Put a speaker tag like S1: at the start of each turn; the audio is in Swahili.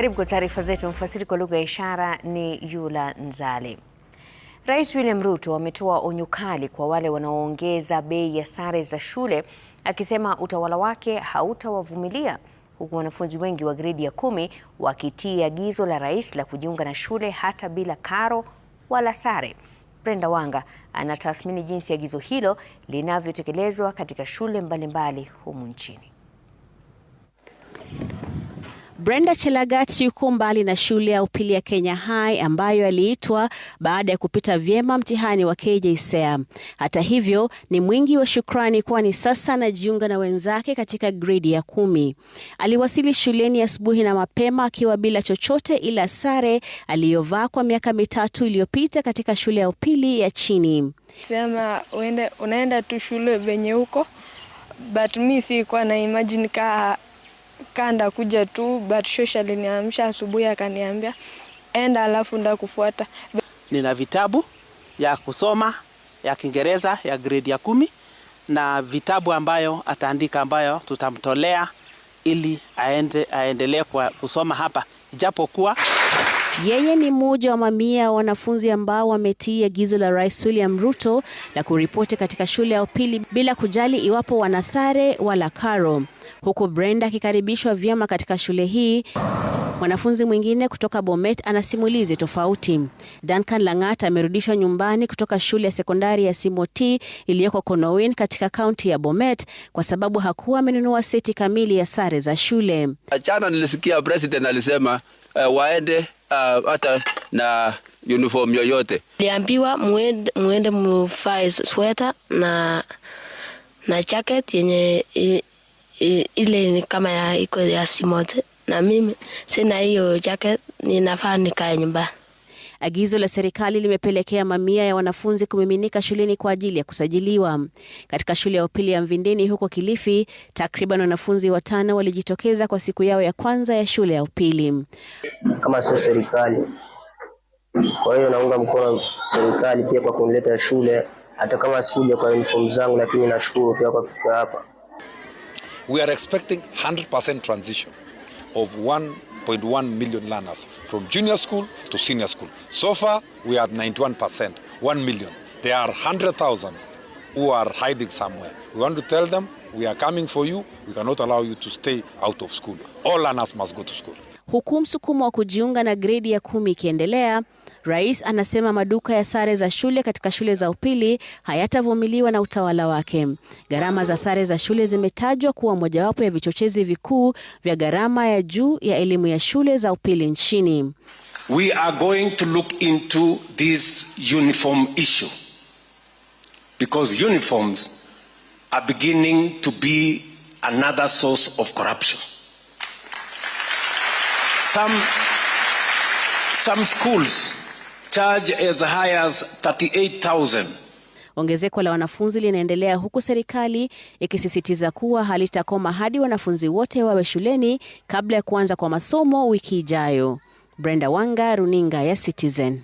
S1: Karibu kwa taarifa zetu. Mfasiri kwa lugha ya ishara ni Yula Nzali. Rais William Ruto ametoa onyo kali kwa wale wanaoongeza bei ya sare za shule akisema utawala wake hautawavumilia huku wanafunzi wengi wa gredi ya kumi wakitii agizo la rais la kujiunga na shule hata bila karo wala sare. Brenda Wanga anatathmini jinsi agizo hilo linavyotekelezwa katika shule mbalimbali humu nchini. Brenda Chelagat yuko mbali na shule ya upili ya Kenya High ambayo aliitwa baada ya kupita vyema mtihani wa KJSEA. Hata hivyo, ni mwingi wa shukrani kwani sasa anajiunga na wenzake katika gredi ya kumi. Aliwasili shuleni asubuhi na mapema akiwa bila chochote ila sare aliyovaa kwa miaka mitatu iliyopita katika shule ya upili ya chini.
S2: Sema uende, unaenda tu shule venye huko but mi sikuwa na imagine kaa kaa ndakuja tu, but shosha aliniamsha asubuhi akaniambia enda, alafu ndakufuata.
S3: Nina vitabu ya kusoma ya Kiingereza ya grade ya kumi na vitabu ambayo ataandika ambayo tutamtolea ili aende aendelee kusoma hapa, ijapokuwa
S1: yeye ni mmoja wa mamia ya wanafunzi ambao wametii agizo la Rais William Ruto la kuripoti katika shule ya upili bila kujali iwapo wana sare wala karo. Huku Brenda akikaribishwa vyema katika shule hii, mwanafunzi mwingine kutoka Bomet anasimulizi tofauti. Duncan Langat amerudishwa nyumbani kutoka shule ya sekondari ya Simoti iliyoko Konowin katika kaunti ya Bomet kwa sababu hakuwa amenunua seti kamili ya sare za shule.
S4: Achana, nilisikia president alisema uh, waende Ah, hata uh, na uniform yoyote.
S5: Niliambiwa muende, muende mufae sweta na, na jacket yenye ile ni kama ya iko ya simote, na mimi sina hiyo jacket, ninafaa nikae nyumbani.
S1: Agizo la serikali limepelekea mamia ya wanafunzi kumiminika shuleni kwa ajili ya kusajiliwa. Katika shule ya upili ya Mvindeni huko Kilifi, takriban wanafunzi watano walijitokeza kwa siku yao ya kwanza ya shule ya upili.
S6: Kama sio serikali, kwa hiyo naunga mkono serikali pia kwa kunileta shule, hata kama sikuja kwa uniform zangu, lakini nashukuru pia kwa kufika hapa.
S7: We are expecting 100% transition of one 1.1 million learners from junior school to senior school. So far, we are at 91%, 1 million. There are 100,000 who are hiding somewhere. We want to tell them, we are coming for you. We cannot allow you to stay out of school. All learners must go to school.
S1: Huku msukumo wa kujiunga na gredi ya kumi ikiendelea, rais anasema maduka ya sare za shule katika shule za upili hayatavumiliwa na utawala wake. Gharama za sare za shule zimetajwa kuwa mojawapo ya vichochezi vikuu vya gharama ya juu ya elimu ya shule za upili nchini.
S7: We are going to look into this uniform issue because uniforms are beginning to be another source of corruption. Some, some schools charge as high as 38,000.
S1: Ongezeko la wanafunzi linaendelea huku serikali ikisisitiza kuwa halitakoma hadi wanafunzi wote wawe shuleni kabla ya kuanza kwa masomo wiki ijayo. Brenda Wanga, Runinga ya Citizen.